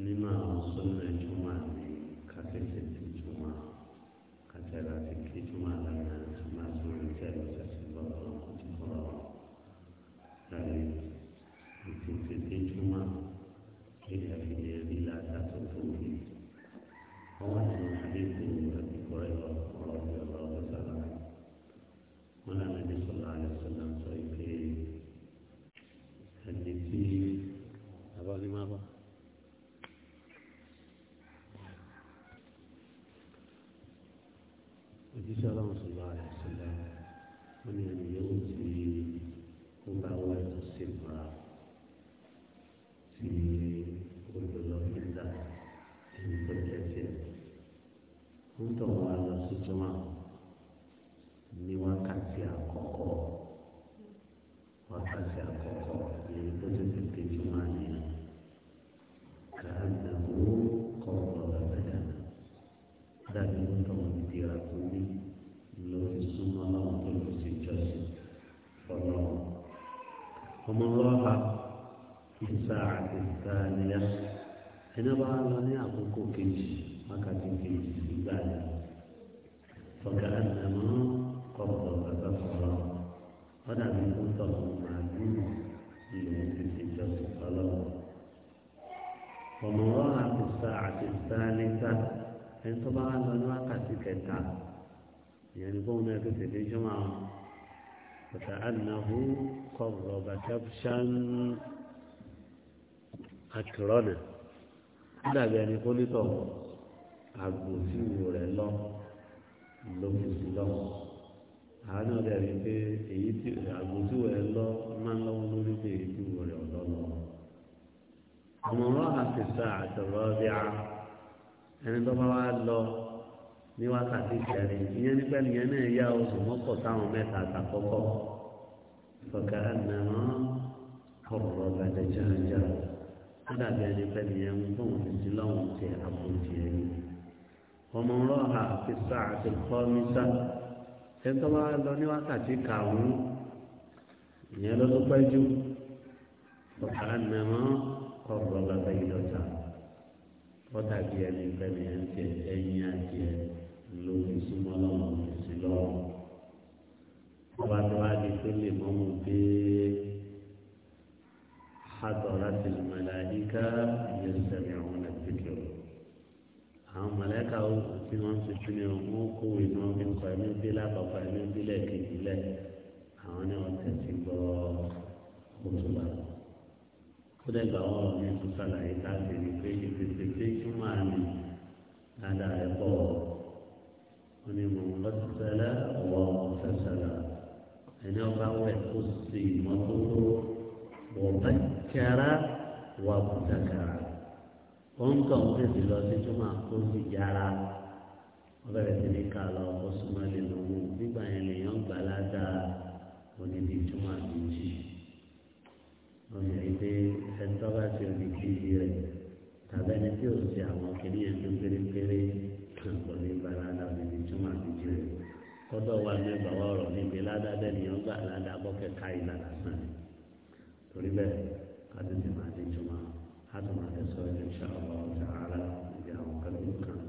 nínú àwọn sọ́nà ìjùmọ̀ ní kásẹ̀tẹ̀ ti jùmọ̀ kátẹ́rà ti kí jùmọ̀ lánàá tí máa tó ń tẹ́ lọ́sẹ̀ sí lọ́wọ́ ti fọ́rọ̀ láàrin ìtìtì ti jùmọ̀ ilẹ̀ ìdílé rí láta tó tóbi. wọ́n wà nínú àdéhùn ìgbàgbọ́ ẹ̀rọ ọ̀rọ̀ bí ọ̀rọ̀ ọ̀sán wọn lànà ní sọ̀rọ̀ àlẹ́ sọ̀rọ̀ sọ ìpè ẹni tí abọ́ ní má bọ́. òjíṣẹ́ ọlọ́run sọ̀rọ̀ àyà sọ̀rọ̀ wọn ni ẹni yóò ti ó bá wá ẹ̀tọ́ sí ìmọ̀ra tí olùlọ nígbà ẹni tó jẹ́ tiẹ̀. ń tọ̀ wá lọ sí jọmọ́ ní wákàtí àkọ́kọ́ wákàtí àkọ́kọ́ ẹni tó jẹ́ tiẹ̀. ọmọ ọlọ́ha ìsà àti ìtàníyà ẹni bá lọ ní àkókò kejì wákàtí kejì ìgbà yẹn ọ̀gá àdàmọ́ kọ̀ọ̀dọ̀ bàbá sọ̀rọ̀ ọ̀dà mi kò tọ̀nà màdúrà ìlú títí jọ́sìn ọlọ́wọ́ ọmọ ọlọ́ha ìsà àti ìtàníyà ẹni tó bá lọ ní wákàtí kẹta ìyẹn ni bóun náà tètè dé jọ́mọ́ àwọn. فكأنه قرب كبشا أكرنا هذا يعني قلت àgbò tí wò rẹ̀ lọ ló fi sí lọ àánú rẹ̀ rí pé èyí tí àgbò tí wò rẹ̀ lọ máa ń lọ́wọ́ lórí pé èyí tí wò rẹ̀ ọ̀dọ́ lọ. ọmọ wọn àti sá àtọ̀rọ̀ bí a ẹni tó bá wá lọ ní wákàtí ìṣẹ̀lẹ̀ ìyẹn nípa ènìyàn náà yá oṣù mọ́kọ̀ táwọn mẹ́ta àtàkọ́kọ́ fọ̀gá ànàmọ́ ọ̀rọ̀ bàjẹ́ jẹ́rẹ́jẹ́ ó dàbí ẹni pé ènìyàn ń bọ̀ wọ́n ti lọ́wọ́n ti àbòjì ẹni. ọmọ ọlọ́ha ti sá àti kọ́ mi sá ẹni tó bá lọ ní wákàtí kàrún ìyẹn ló tó pẹ́ jù ànàmọ́ ọ̀rọ̀ bàjẹ́ ìlọ́jà ó dàbí ẹni pé ènìyàn màláìka yẹsẹ̀mìíràn ẹ̀dẹ́gbẹ̀ o àwọn màláìka tí wọ́n ti tún ní ọmọ kó inú ọmọ nǹkan ẹ̀mí bílẹ̀ àpapọ̀ ẹ̀mí bílẹ̀ kejì lẹ̀ àwọn ní wọ́n tẹ̀sí gbọ́ òtúbà ó dẹ́gbà wọn ní ìtúsàlàyé káàkiri pé ìpèsè pé kí máa ní dáadáa rẹ̀ pọ̀ wọ́n ní mọ̀ ọ́ sẹ́lẹ̀ ọ̀wọ́ fẹsẹ̀lẹ̀ ẹni ọba wẹ̀ kó sì mọ́tótó wọ̀ bẹ́ẹ̀ kẹ́rẹ́ wà bùdàkàrà ó ń tọ̀ ń tètè lọ sí tó máa kó sí yàrá ó bẹ̀rẹ̀ sí ní ká lọ ó súnmọ́ lè lówó nígbà yẹn lèèyàn gbà ládàá oníbi tó máa méjì ọ̀nà ìdè ẹ̀ńtọ́ bá ti omi kejì rẹ̀ tàbí ẹni tí ò sí àwọn kìnìyàn tó pérépéré kàn kò ní gbà ládàá oníbi tó máa méjì rẹ̀ kọ́dọ̀ wa mẹ́gbà wà ọ̀rọ̀ níbi ládàá bẹ́ẹ̀ lèèyàn gbà ládàá bọ́kẹ́ ká ìlànà sàn torí bẹ́ẹ̀. قد سمعت الجمعة حتى ما تسوي إن شاء الله تعالى إذا هم قد